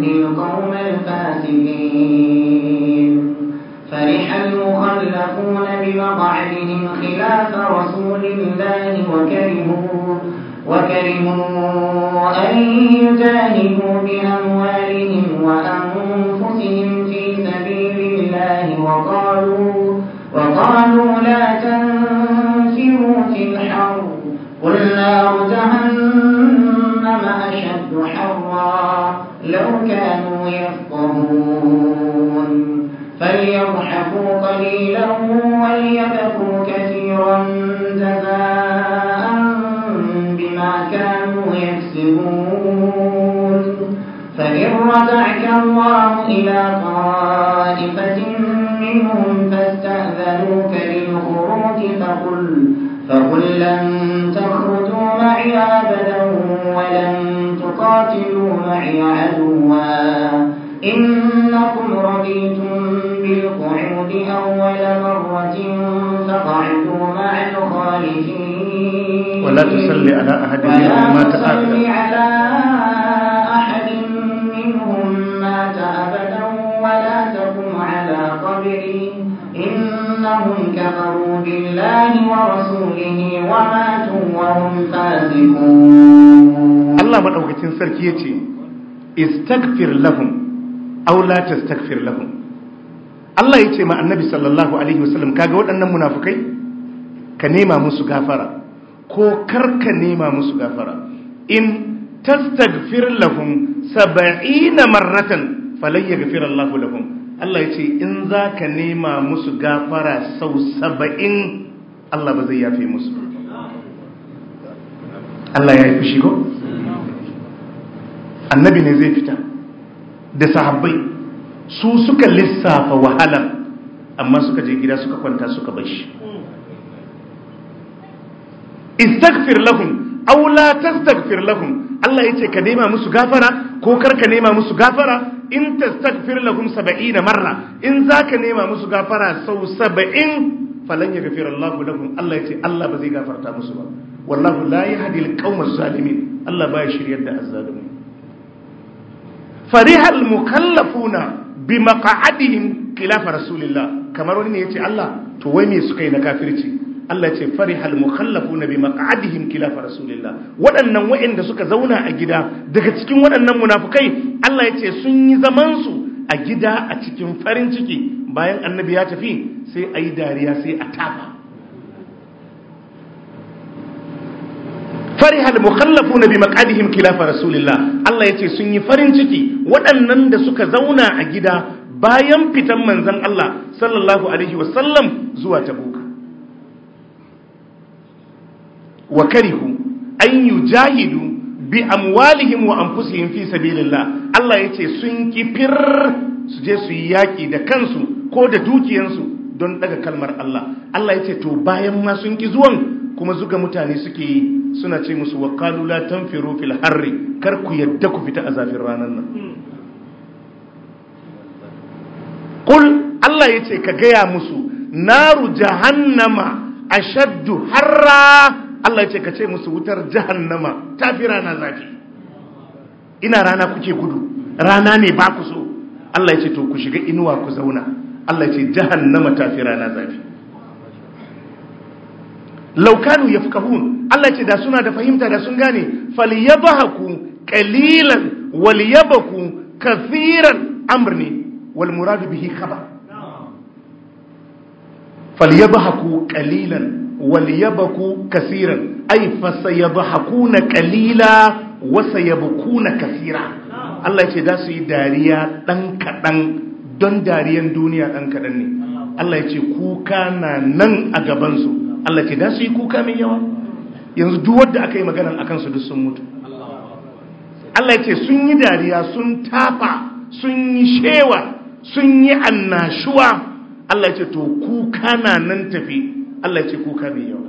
يهدي القوم الفاسقين فرح المخلفون بمقعدهم خلاف رسول الله وكرهوا وكرهوا أن يجاهدوا بأموالهم وأنفسهم في سبيل الله وقالوا, وقالوا لا تنفروا في الحر قل نار جهنم يفقهون فليضحكوا قليلا وليبكوا كثيرا جزاء بما كانوا يكسبون فإن رجعك الله إلى طائفة منهم فاستأذنوك للخروج فقل, فقل لن تخرجوا معي أبدا ولن قاتلوا معي عدوا إنكم رضيتم بالقعود أول مرة فقعدوا مع الخالفين ولا تصل على أحد منهم مات أبدا على أحد منهم مات أبدا ولا تقم على قبره إنهم كفروا بالله ورسوله وماتوا وهم فاسقون الله madaukakin sarki ya ce istakfir lahum aw la tastakfir lahum Allah ya ce ma annabi sallallahu alaihi wasallam kaga waɗannan munafukai ka nema musu gafara ko kar ka nema musu gafara in tastagfir lahum 70 marratan falan yaghfir Allah lahum Allah ya ce in za ka nema musu gafara sau 70 Allah ba zai yafe musu Allah ya yi fushi ko annabi ne zai fita da sahabbai su suka lissafa wahalar amma suka je gida suka kwanta suka bashi istaghfir lahum aw la tastaghfir lahum Allah yace ka nema musu gafara ko kar ka nema musu gafara in tastaghfir lahum 70 marra in zaka nema musu gafara sau 70 falan yaghfir Allah lahum Allah yace Allah ba zai gafarta musu ba wallahu la yahdi al-qawma zalimin Allah ba ya shiryar da azzalimin farihal mukallafuna bi maq'adihim khilaf rasulillah kamar wani ne yace Allah to wai me suka yi na kafirci Allah ce farihal mukhallafuna bi maq'adihim khilaf rasulillah waɗannan waɗanda suka zauna a gida daga cikin waɗannan munafukai Allah yace ce sun yi zaman su a gida a cikin farin ciki bayan annabi ya tafi sai ayi dariya sai a tafa farihal mukhallafuna bi maqadihim khilafa rasulillah Allah yace sun yi farin ciki waɗannan da suka zauna a gida bayan fitan manzon Allah sallallahu alaihi sallam zuwa tabuka wa karihu an yujahidu bi amwalihim wa anfusihim fi sabilillah Allah yace sun kifir su je su yi yaki da kansu ko da dukiyansu don daga kalmar Allah Allah yace to bayan ma sun ki zuwan kuma zuga mutane suke yi suna ce musu wa qalu la tanfiru harri kar ku yadda ku fita a zafin ranar nan kul hmm. Allah yace ka gaya musu naru jahannama ashaddu harra Allah yace ka ce musu wutar jahannama tafi rana zafi ina rana kuke gudu rana ne ba ku so Allah yace to ku shiga inuwa ku zauna Allah yace jahannama tafi rana zafi laukanu ya fukahun Allah ce da suna da fahimta da sun gane faliyabahaku kalilan waliyabaku kafiran amrni wal muradu bihi khaba faliyabahaku kalilan waliyabaku kasiran ay fasayabahakuna kalila wa sayabkuna kasira Allah ce da su yi dariya dan kadan don dariyan duniya dan kadan ne Allah ya ce kuka na nan a gabansu Allah ce da su yi kuka mai yawa yanzu duk wadda aka yi maganan a su duk sun mutu Allah ya ce sun yi dariya sun tafa sun yi shewa sun yi annashuwa Allah ya ce to kuka na nan tafi Allah ya ce kuka mai yawa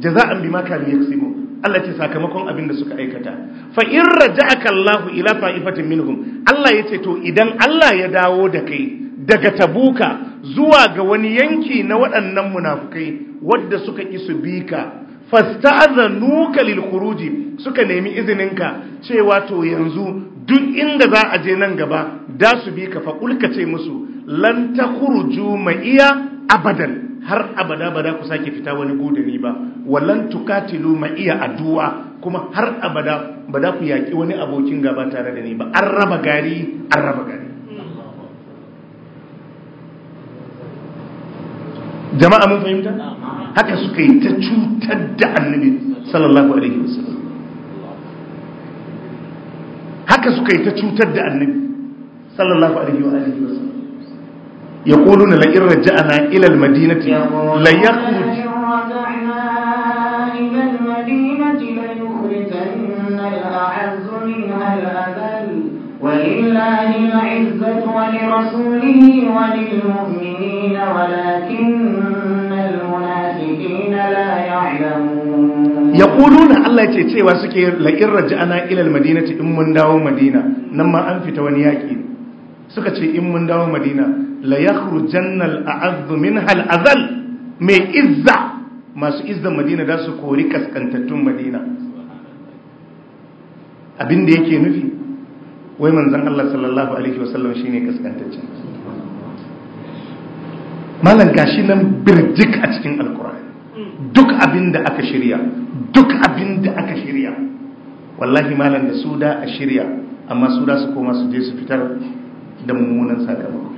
jaza'an bima mai yaksimu Allah ya ce sakamakon abin da suka aikata fa in raja'aka Allahu ila fa'ifatin minhum Allah ya ce to idan Allah ya dawo da kai daga tabuka zuwa ga wani yanki na waɗannan munafukai wadda suka ƙi su bi ka fasta'azanuka lil khuruji suka nemi izininka cewa to yanzu duk inda za a je nan gaba da su bi ka fa ce musu lan takhruju ma iya abadan har abada ba za ku sake fita wani gudani ba wallan tukatilu ma iya addu'a kuma har abada ba za ku yaki wani abokin gaba tare da ni ba an raba gari an raba gari jama'a mun fahimta haka suka yi ta cutar da annabi sallallahu alaihi wasallam haka suka yi ta cutar da annabi sallallahu alaihi wa alihi wasallam yaquluna la in raja'na ila al-madinati la yakhruj لله العزة ولرسوله وللمؤمنين ولكن المنافقين لا يعلمون يقولون الله يتي cewa suke la'in ilal madina almadinati in mun dawo madina nan ma an fita wani yaƙi, suka ce in mun dawo madina la yakhrujanna al'azz minha al'azal mai izza masu izzan madina za su kori kaskantattun madina abin da yake nufi wai manzan Allah sallallahu alaihi wasallam shine kaskantaccen malam gashi nan birjik a cikin alkur'ani duk abin da aka shirya duk abin da aka shirya wallahi malam da su da a shirya amma su da su koma su je su fitar da mummunan sakamako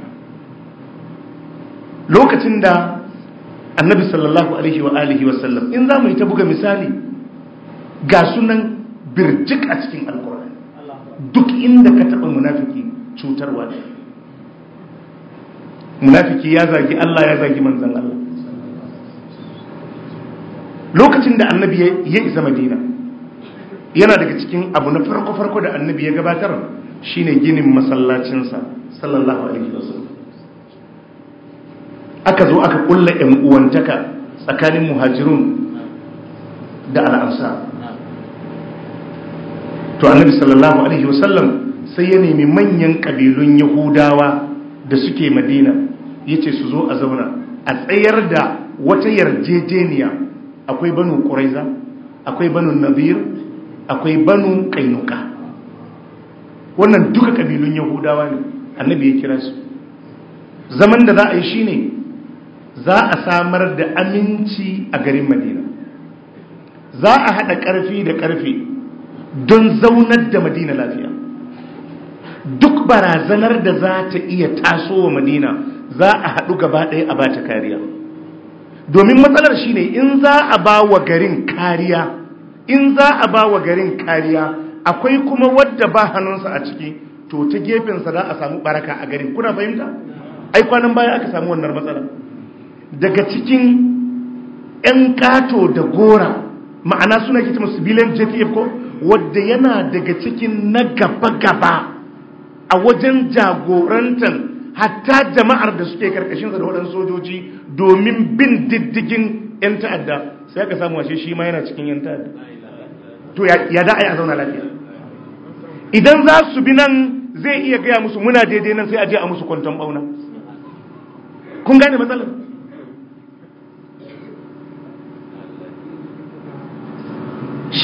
lokacin da annabi sallallahu alaihi wa alihi sallam in za mu yi ta buga misali ga sunan birjik a cikin alkur'ani duk inda ka taɓa munafiki cutarwa ne munafiki ya zagi Allah ya zagi manzan Allah lokacin da annabi ya isa madina yana daga cikin abu na farko-farko da annabi ya gabatar shine ginin masallacinsa sallallahu alaihi wasallam aka zo aka kulla ƴan uwantaka tsakanin muhajirun da al'amsa. to annabi sallallahu alaihi wasallam sai ya nemi manyan kabilun yahudawa da suke madina ya ce su zo a zauna a tsayar da wata yarjejeniya akwai banu ƙuraiza akwai banu nabir akwai banu ƙainuka wannan duka kabilun yahudawa ne annabi ya kira su zaman da za a yi shine za a samar da aminci a garin madina za a haɗa ƙarfi da ƙarfi don zaunar da madina lafiya duk barazanar da za ta iya taso tasowa madina za a haɗu gaba ɗaya a ba ta kariya domin matsalar shine in za a ba wa garin kariya in za a ba wa garin kariya akwai kuma wadda ba hannunsa a ciki to ta gefensa za a samu baraka a garin kuna fahimta ai kwanan baya aka samu wannan matsala daga cikin 'yan kato da gora ma'ana suna kitin bilen jtf ko wadda yana daga cikin na gaba-gaba a wajen jagorantar hatta jama'ar da suke karkashinsa da waɗansu sojoji domin bin diddigin 'yan ta'adda sai aka samu washe shi ma yana cikin 'yan ta'adda to ya da a zauna lafiya idan za su bi nan zai iya gaya musu muna daidai nan sai a je a musu kwanton bauna kun gane matsalar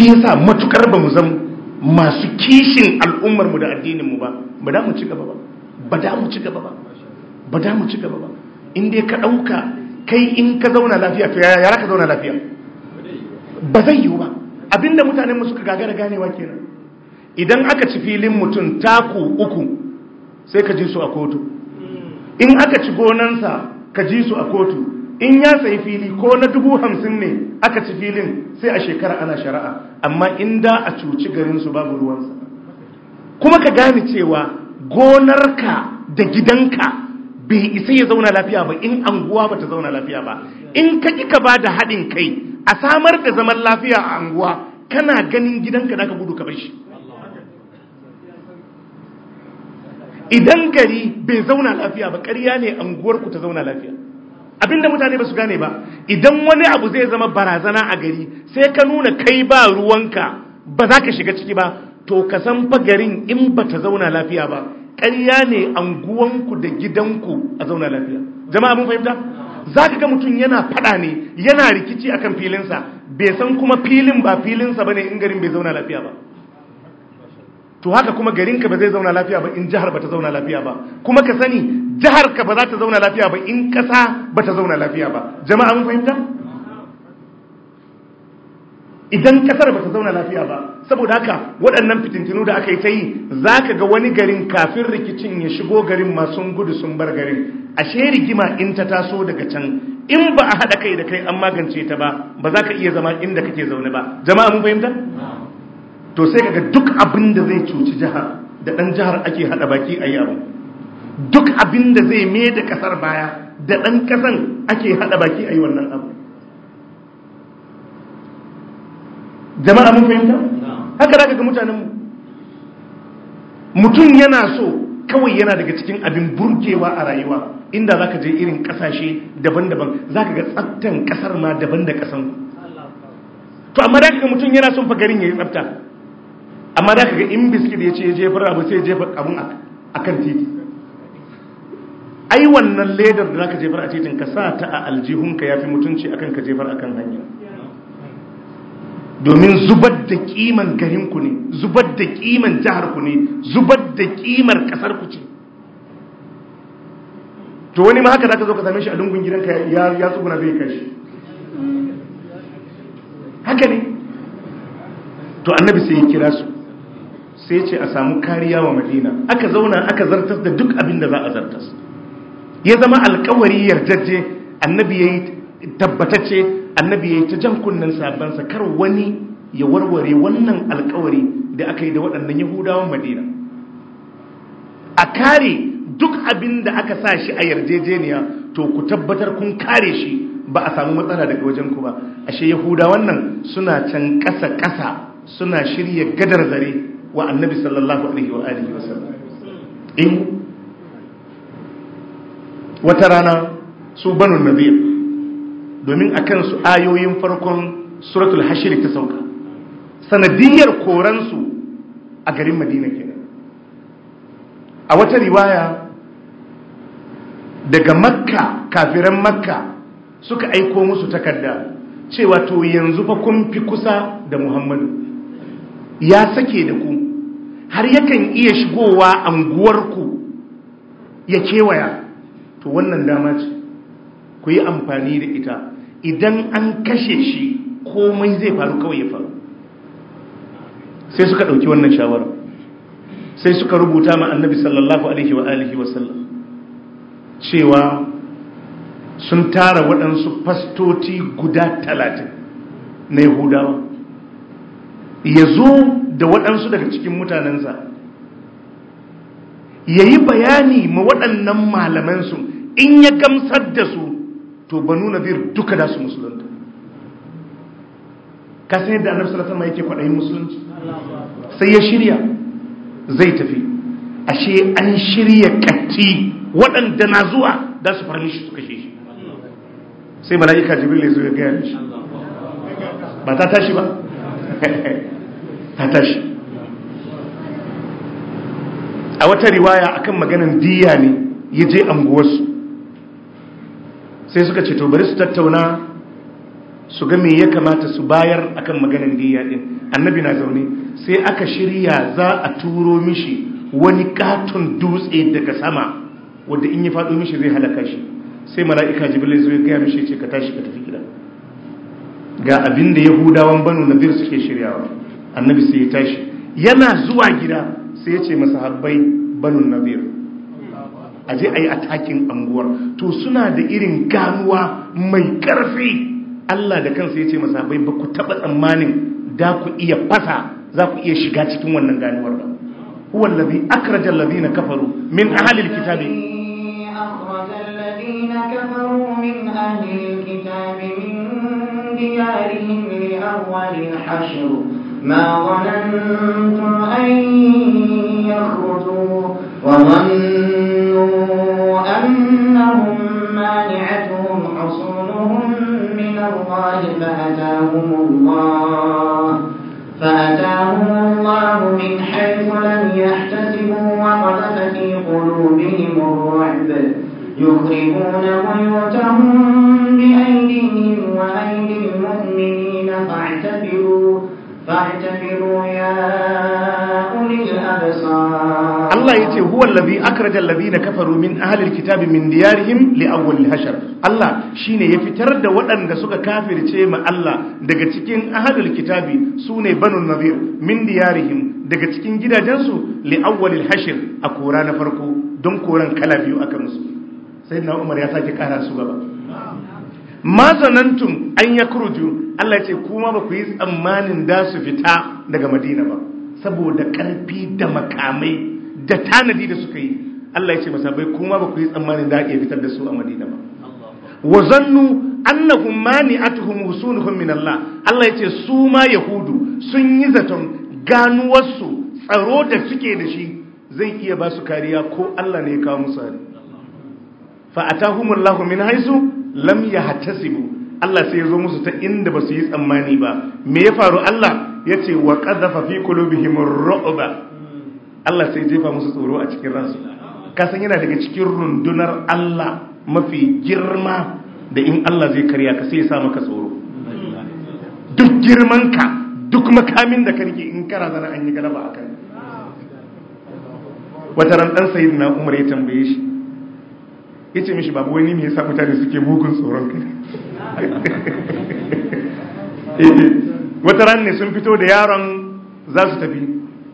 shi yasa matukar ba mu zan masu kishin al'ummar mu da addinin mu ba ba da mu ci gaba ba ba da mu ci gaba ba ba da mu ci gaba ba in dai ka dauka kai in ka zauna lafiya to yaya ka zauna lafiya ba zai yiwu ba abinda mutanen mu suka gagara ganewa kenan idan aka ci filin mutum taku uku sai ka ji su a kotu in aka ci gonansa ka ji su a kotu in ya sayi fili ko na dubu hamsin ne aka ci filin sai a shekara ana shari'a amma inda a cuci garinsu babu ruwansa kuma ka gane cewa gonarka da gidanka bai isa ya zauna lafiya ba in anguwa ba ta zauna lafiya ba in ka ka ba da haɗin kai a samar da zaman lafiya a anguwa kana ganin gidanka da ka gudu ka shi idan gari bai zauna lafiya ba ƙarya ne anguwarku ta zauna lafiya abinda mutane ba su gane ba idan wani abu zai zama barazana a gari sai ka nuna kai ba ruwanka ba za ka shiga ciki ba to ka san fa garin in ba ta zauna lafiya ba ƙarya ne anguwanku da gidanku a zauna lafiya jama'a mun fahimta za ka ga mutum yana faɗa ne yana rikici akan filinsa bai san kuma filin ba filinsa ba ne in garin bai zauna lafiya ba to haka kuma garinka ba zai zauna lafiya ba in jihar ba ta zauna lafiya ba kuma ka sani jihar ka ba za ta zauna lafiya ba in ƙasa ba ta zauna lafiya ba jama'a mun fahimta idan ƙasar ba ta zauna lafiya ba saboda haka waɗannan fitintinu da aka yi ta yi za ka ga wani garin kafin rikicin ya shigo garin masu gudu sun bar garin ashe rigima in ta taso daga can in ba a haɗa kai da kai an magance ta ba ba za ka iya zama inda kake zaune ba jama'a mun fahimta to sai ka ga duk abin da zai cuci jihar da ɗan jihar ake haɗa baki a yi abu duk abin da zai mai da kasar baya da ɗan kasan ake haɗa baki a yi wannan abu jama'a mun fahimta? haka da ga mutanenmu mutum yana so kawai yana daga cikin abin burgewa a rayuwa inda za ka je irin ƙasashe daban-daban za ka ga tsattan ƙasar ma daban da ƙasan to amma daga mutum yana son fagarin ya yi tsafta amma daga ga in biskit ya ce ya jefar abu sai ya jefa abun a kan titi ai wannan ledar da zaka jefar a titin ka sa ta a aljihunka yafi mutunci akan ka jefar akan hanya domin zubar da kiman garin ku ne zubar da kiman jihar ku ne zubar da kimar kasar ku ce to wani ma haka zaka zo ka same shi a lungun ka ya ya tsuguna zai kai shi haka ne to annabi sai ya kira su sai ce a samu kariya wa madina aka zauna aka zartas da duk abin da za a zartas ya zama alkawari yarjejje annabi yayi tabbatacce annabi yi ta jan kunnen sabansa kar wani ya warware wannan alkawari da aka yi da waɗannan yahudawan madina a kare duk abin da aka sa shi a yarjejeniya to ku tabbatar kun kare shi ba a samu matsala daga wajen ku ba ashe yahuda wannan suna can ƙasa ƙasa suna shirya gadar zare wa annabi sallallahu alaihi wa alihi wasallam in wata rana su banu nadir domin a kansu ayoyin farkon suratul hashir ta sauka sanadiyar koransu a garin madina kenan a wata riwaya daga makka kafiran makka suka aiko musu takarda cewa to yanzu fa kun fi kusa da muhammadu ya sake da ku har yakan iya shigowa anguwarku ya kewaya to wannan dama ce ku yi amfani da ita idan an kashe shi komai zai faru kawai ya faru sai suka ɗauki wannan shawara sai suka rubuta ma annabi sallallahu alaihi wa alihi wa cewa sun tara waɗansu fastoti guda talatin na yahudawa ya zo da waɗansu daga cikin mutanensa ya yi bayani ma waɗannan malamansu in ya gamsar da su to ba nuna biyar duka da su musulunta kasan yadda annabi salatar ma yake kwaɗayin musulunci sai ya shirya zai tafi ashe an shirya katti waɗanda na zuwa da su fara shi su kashe shi sai mala'ika jibril ya zo ya gaya shi ba ta tashi ba ta tashi a wata riwaya akan maganan diya ne ya je anguwarsu sai suka ce to bari su tattauna su ga me ya kamata su bayar akan maganin diya din annabi na zaune sai aka shirya za a turo mishi wani katon dutse daga sama wadda in ya faɗo mishi zai halaka shi sai mala'ika jibril zai gaya mishi ce ka tashi ka tafi gida ga abin da yahudawan banu nadir suke shiryawa annabi sai ya tashi yana zuwa gida sai ce masa masahabbai banu nabir a je a yi atakin anguwar to suna da irin ganuwa mai ƙarfi Allah da kansa ya ce masahabbai ba ku taɓa tsammanin da ku iya fasa za ku iya shiga cikin wannan ganuwar ba huwan labi akarajar labi kafaru kafaru min ahli halil kita diyarihim li ما ظننتم أن يخرجوا وظنوا أنهم مانعتهم حصولهم من الله فأتاهم الله فأتاهم الله من حيث لم يحتسبوا وقذف في قلوبهم الرعب يخربون بيوتهم بأيديهم وأيدي المؤمنين فاعتبروا Allah ya ce, Huwa labi akirajen labi na kafaru min ahalil kitabi min diyarhim li'awun hashar. Allah shi ne ya fitar da waɗanda suka kafirce ma Allah daga cikin ahalil kitabi su ne banun nabir min daga cikin gidajensu li'awun hashir a kora na farko don koran kala biyu aka musu. Sai na Umar ya sake kara su gaba. ma zanantum an yakruju Allah ce kuma ba ku yi tsammanin da su fita daga Madina ba saboda karfi da makamai da tanadi da suka yi Allah ya ce masabai kuma ba ku yi tsammanin da iya fitar da su a Madina ba wa zannu annahum mani'atuhum husunuhum min Allah Allah ya ce su ma yahudu sun yi zaton ganuwarsu tsaro da suke da shi zai iya ba su kariya ko Allah ne ya kawo musu fa atahumullahu min haisu lam yahtasibu Allah sai ya zo musu ta inda ba su yi tsammani ba me ya faru Allah ya ce wa qadhafa fi qulubihim ar-ru'ba Allah sai jefa musu tsoro a cikin ransu san yana daga cikin rundunar Allah mafi girma da in Allah zai karya ka sai ya sa maka tsoro duk ka duk makamin da kake in kara zana an yi galaba akan wata ran dan sayyidina Umar ya tambaye shi ya ce mishi babu wani ne ya mutane suke mugun tsoron ka wata ran ne sun fito da yaron za su tafi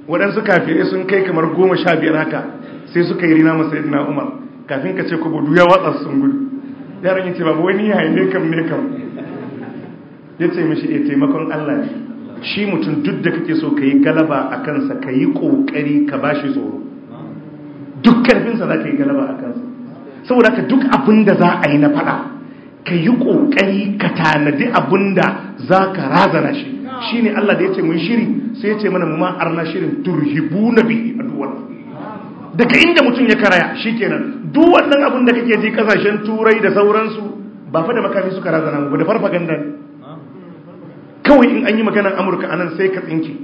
waɗansu kafirai sun kai kamar goma sha biyar haka sai suka yi rina masa yadda umar kafin ka ce kubudu ya watsa sun gudu yaron ya ce babu wani ya haine kam ne kam ya ce mishi ya eh, taimakon allah ne shi mutum duk da kake so ka yi galaba a kansa ka yi ƙoƙari ka ba shi tsoro duk karfinsa za ka yi galaba a kansa saboda ka duk abin da za a yi na fada ka yi ƙoƙari ka tanadi abin da za ka razana shi shi ne Allah da ya ce mun shiri sai ya ce mana mu ma'ar na shirin turhibu na bi a duwar daga inda mutum ya karaya shi kenan duk wannan abin da kake ji kasashen turai da sauransu ba fa da makami suka razana mu ba da farfaganda kawai in an yi maganar amurka anan sai ka tsinki.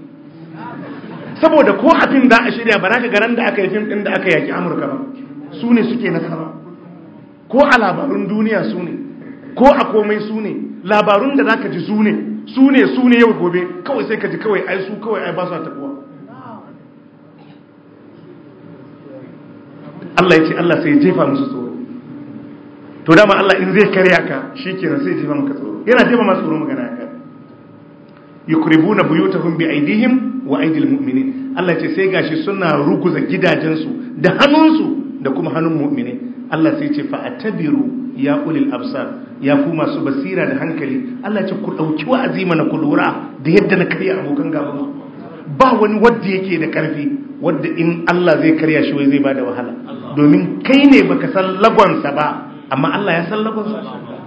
saboda ko a fim za a shirya ba za ka garan da aka yi fim ɗin da aka yaki amurka ba su ne suke nasara ko a labarun duniya su ne ko a komai su ne labarun da za ka ji su ne su ne su ne yau gobe kawai sai ka ji kawai ai su kawai ai ba su taɓuwa Allah ya ce Allah sai jefa musu tsoro to dama Allah in zai karya ka shikenan sai jefa maka tsoro yana jefa masu tsoro magana ka yukribuna buyutahum bi aidihim wa aidil mu'minin Allah ce sai gashi suna ruguza gidajensu da hannunsu da kuma hannun mu'mini Allah sai ce fa'atabiru ya ulil absar ya ku masu basira da hankali Allah ce ku dauki wa'azi na ku lura da yadda na karya abokan gaba ba wani wanda yake da karfi wanda in Allah zai karya shi wai zai bada wahala domin kai ne baka san lagonsa ba amma Allah ya san lagonsa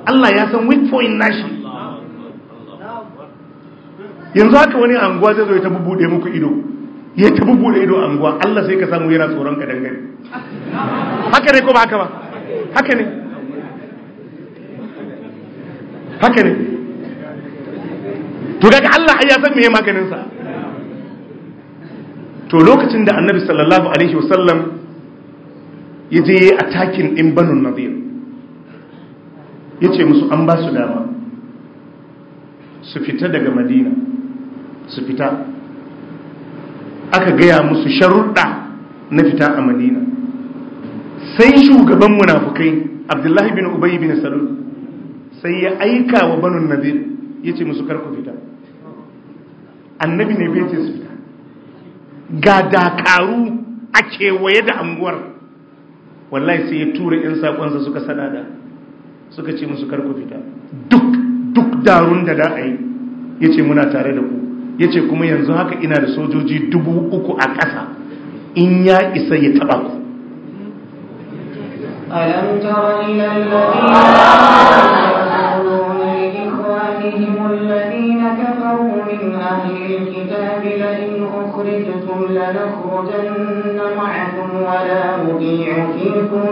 Allah ya san weak point nashi yanzu haka wani anguwa zai zo ta bubuɗe muku ido ya ta bubuɗe ido anguwa Allah sai ka samu yana tsoron ka dangane haka ne ko ba haka ba haka ne haka ne to kaga Allah ya san meye maganin sa to lokacin da Annabi sallallahu alaihi wasallam ya je attacking din Banu Nadir yace musu an ba su dama su fita daga Madina su fita aka gaya musu sharuɗa na fita a madina sai shugaban munafukai abdullahi bin ubayi bin salul sai ya aika wa banun nadir ya ce musu karku fita annabi ne bai ce su fita ga dakaru a kewaye da anguwar wallahi sai ya tura 'yan saƙonsa suka sanada suka ce musu karku fita duk duk darun da da a yi ya ce muna tare da ku ya ce kuma yanzu haka ina da sojoji dubu uku a ƙasa in ya isa ya taɓa ku ألم تر إلى الذين الذين كفروا من أهل الكتاب لئن أخرجتم لنخرجن معكم ولا نطيع فيكم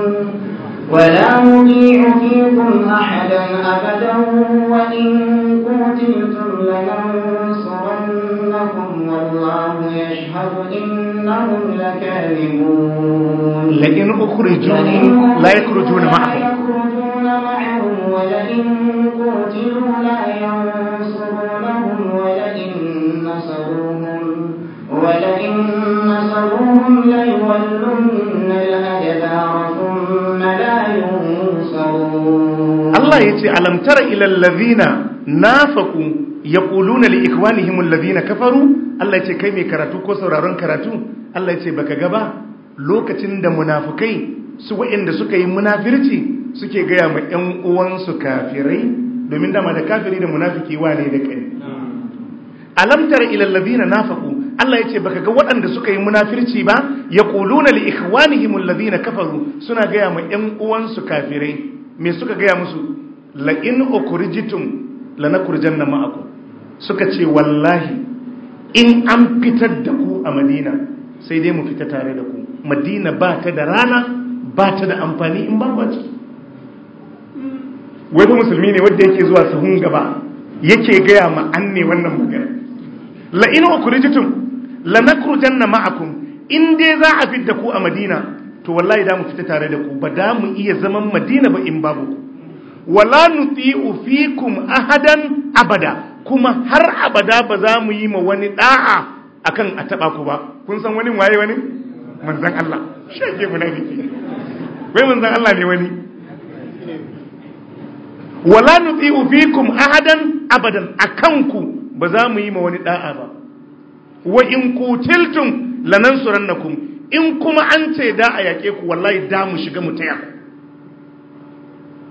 ولا مضيع فيكم أحدا أبدا وإن قتلتم لننصرنكم والله يشهد إنهم لكاذبون لئن أخرجوا لا يخرجون معهم ولئن قتلوا لا ينصرونهم ولئن نصروهم ولئن تحسبوهم ليولن الأدبار ثم لا ينصرون ya يتي ألم تر إلى الذين نافقوا يقولون لإخوانهم الذين كفروا الله يتي كيمي كراتو كسرارون كراتو الله يتي بك غبا lokacin da munafukai su waɗanda suka yi munafirci suke gaya ma 'yan uwansu kafirai domin dama da kafiri da munafiki wane da kai alamtar ilallabina nafaku Allah ya ce baka ga waɗanda suka yi munafirci ba ya ƙuluna li ikhwanihim ladina kafaru suna gaya ma ƴan uwansu kafirai me suka gaya musu la in ukhrijtum lanakhrujanna ma'akum suka ce wallahi in an fitar da ku a Madina sai dai mu fita tare da ku Madina ba ta da rana ba ta da amfani in ba ba ciki musulmi ne wanda yake zuwa sahun gaba yake gaya ma ne wannan magana la in ukhrijtum janna ma'akum in dai za a fidda ku a Madina to wallahi da mu fita tare da ku ba da mu iya zaman Madina ba in babu ku wala nuti'u fikum ahadan abada kuma har abada ba za mu yi ma wani da'a akan a taba ku ba kun san wani waye wani manzon Allah shege munafiki wai manzon Allah ne wani wala nuti'u fikum ahadan abadan akan ku ba za mu yi ma wani da'a ba wa in kutiltum lanansurannakum in kuma an ce da a yake ku wallahi da mu shiga mu taya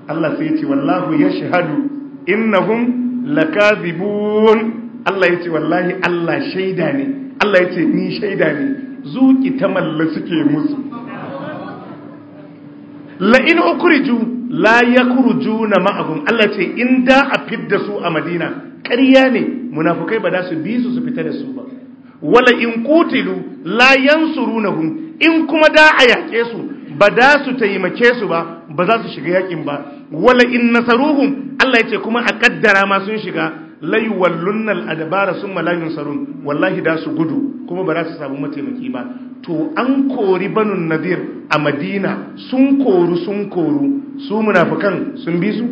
Allah sai ya ce wallahu yashhadu innahum lakazibun Allah ya ce wallahi Allah shaida ne Allah ya ce ni shaida ne zuki ta malla suke musu la in ukhriju la yakhrujuna ma'akum Allah ce in da a fidda su a Madina ƙarya ne munafukai ba da su bi su su fita da su ba wala in kutilu la yansurunahum in kuma da a yaƙe su ba da su taimake su ba ba za su shiga yaƙin ba wala in nasaruhun Allah ya ce kuma a kaddara ma sun shiga lai a dabara sun malayun sarun wallahi da su gudu kuma ba za su samu mataimaki ba to an kori banun nadir a madina sun koru sun koru su munafukan sun bi su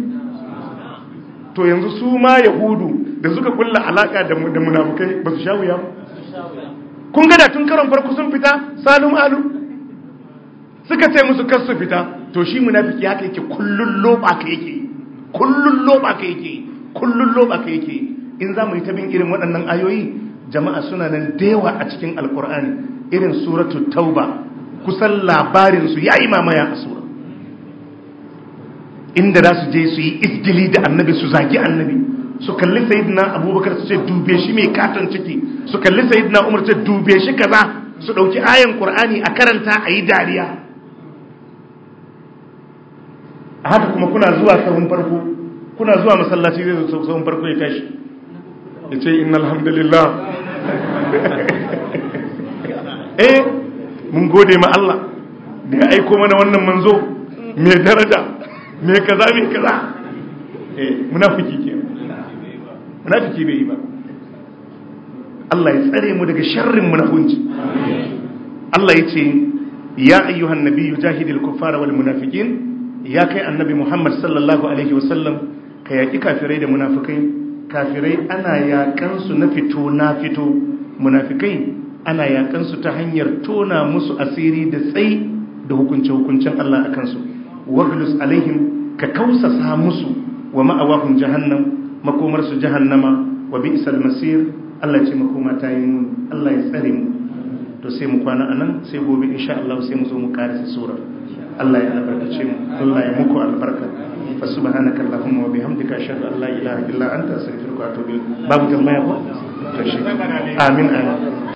to yanzu su ma yahudu da suka kulla alaka da munafukai ba su sha wuya kun gada tun karon farko sun fita salum alu suka ce musu kar su fita to shi munafiki haka yake kullun loba ka yake kullun loba ka yake kullun loba ka yake in za mu yi tabin irin waɗannan ayoyi jama'a suna nan dewa a cikin alkur'ani irin suratu tauba kusan labarin su yi mamaya a sura inda za su je su yi isgili da annabi su zagi annabi su kalli sayyidina abubakar su ce dube shi mai katon ciki su kalli sayyidina umar ce dube shi kaza su dauki ayan qur'ani a karanta a yi dariya a haka kuma kuna zuwa sahun farko kuna zuwa masallaci zai zo sahun farko ya tashi ya ce inna alhamdulillah eh mun gode ma Allah da ya aiko mana wannan manzo mai daraja mai kaza mai kaza eh munafiki munafiki bai yi ba Allah ya tsare mu daga sharrin munafunci Allah ya ce ya ayyuhan nabiyyu jahidil kuffara wal munafiqin ya kai annabi Muhammad sallallahu alaihi wa sallam, ka yaki kafirai da munafikai kafirai ana yakan su na fito na fito munafikai ana yakan su ta hanyar tona musu asiri da tsai da hukunce hukuncen Allah akan su waglus alaihim ka kausasa musu wa ma'awahum jahannam makomar su jahannama wa bi isal masir Allah ce makoma ta yi muni Allah ya tsare mu to sai mu kwana anan sai gobe insha Allah sai mu zo mu karisa sura. Allah ya albarkace mu Allah ya muku albarka fa subhanaka allahumma wa bihamdika ashhadu an la ilaha illa anta astaghfiruka wa atubu ilaik babu tambaya ko to shi amin amin